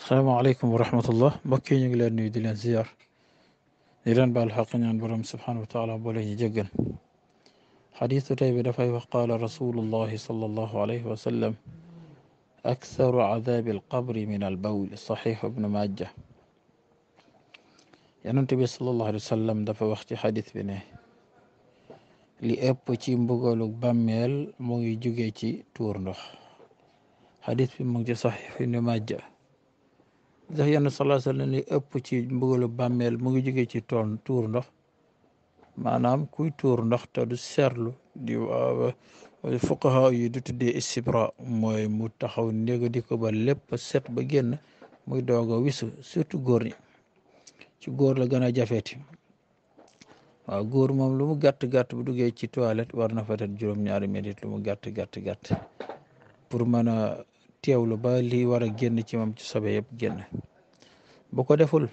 السلام عليكم ورحمة الله بكين نيو يدلن زيار دلن بالحقين عن برم سبحانه وتعالى بولي جقن حديث تيب دفعي وقال رسول الله صلى الله عليه وسلم أكثر عذاب القبر من البول صحيح ابن ماجه ينتبه صلى الله عليه وسلم دفع وقت حديث بنه لأبو ëpp ci بميل مو يجوغي ngi تورنخ حديث tuur ndox صحيح ابن ماجه ndax yenn sallallahu alayhi wa ëpp ci mbugalu bàmmeel mu ngi jóge ci toon tuur ndox maanaam kuy tuur ndox te du seetlu di fuqaha yi du tuddee istibra mu taxaw néega di ko ba lépp set ba génn muy doog a wisu surtout góor ñi ci góor la gën a jafeeti waa góor moom lu mu gàtt gàtt bu duggee ci toilette war na fa tëdd juróom-ñaari minute lu mu gàtt gàtt gàtt pour teewlu ba li war a génn ci moom ci sobe yëpp génn ko deful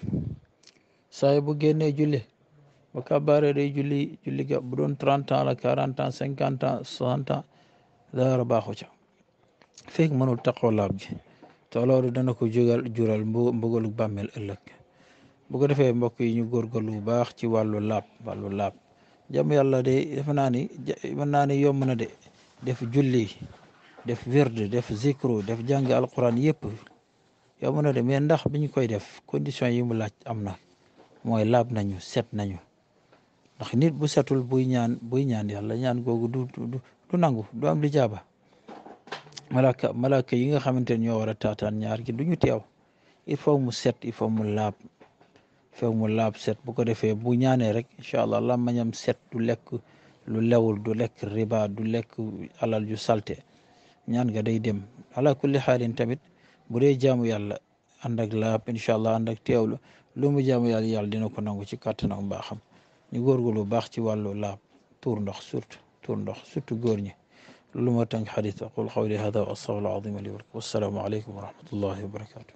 saay bu génnee julli bu kabaare day julli julli ga bu doon trente ans la quarante ans cinquante ans soixante ans dara baaxu ca fekk mënul taxaw laab ji te loolu dana ko jugal jural mbugalu bàmmeel ëllëg bu ko defee mbokk yi ñu góorgóorlu bu baax ci wàllu laab wàllu laab jàmm yàlla de defe naa ni mën naa na de def julli def werd def zikru def jàng alquran yëpp yomb na de mais ndax bi ñu koy def condition yi mu laaj am na mooy laab nañu set nañu ndax nit bu setul buy ñaan buy ñaan yàlla ñaan googu du du nangu du am li jaaba malaka malaka yi nga xamante ne ñoo war a taataan ñaar gi du ñu teew il faut mu set il faut mu laab few mu laab set bu ko defee bu ñaanee rek incha allah làmmañam set du lekk lu lewul du lekk riba du lekk alal ju salte ñaan nga day dem ala kulli xaalin tamit bu dee jaamu yàlla ànd ak laab incha allah ànd ak teewlu lu mu jaamu yàlla yàlla dina ko nangu ci kàttan ak mbaaxam ñu góorgóorlu baax ci wàllu laab tuur ndox surtout tuur ndox surtout góor ñi lu ma tënk xadis aqul qawli hada wa astaghfirullah alazim li wa lakum wassalaamu aleykum wa rahmatullahi wa barakatuh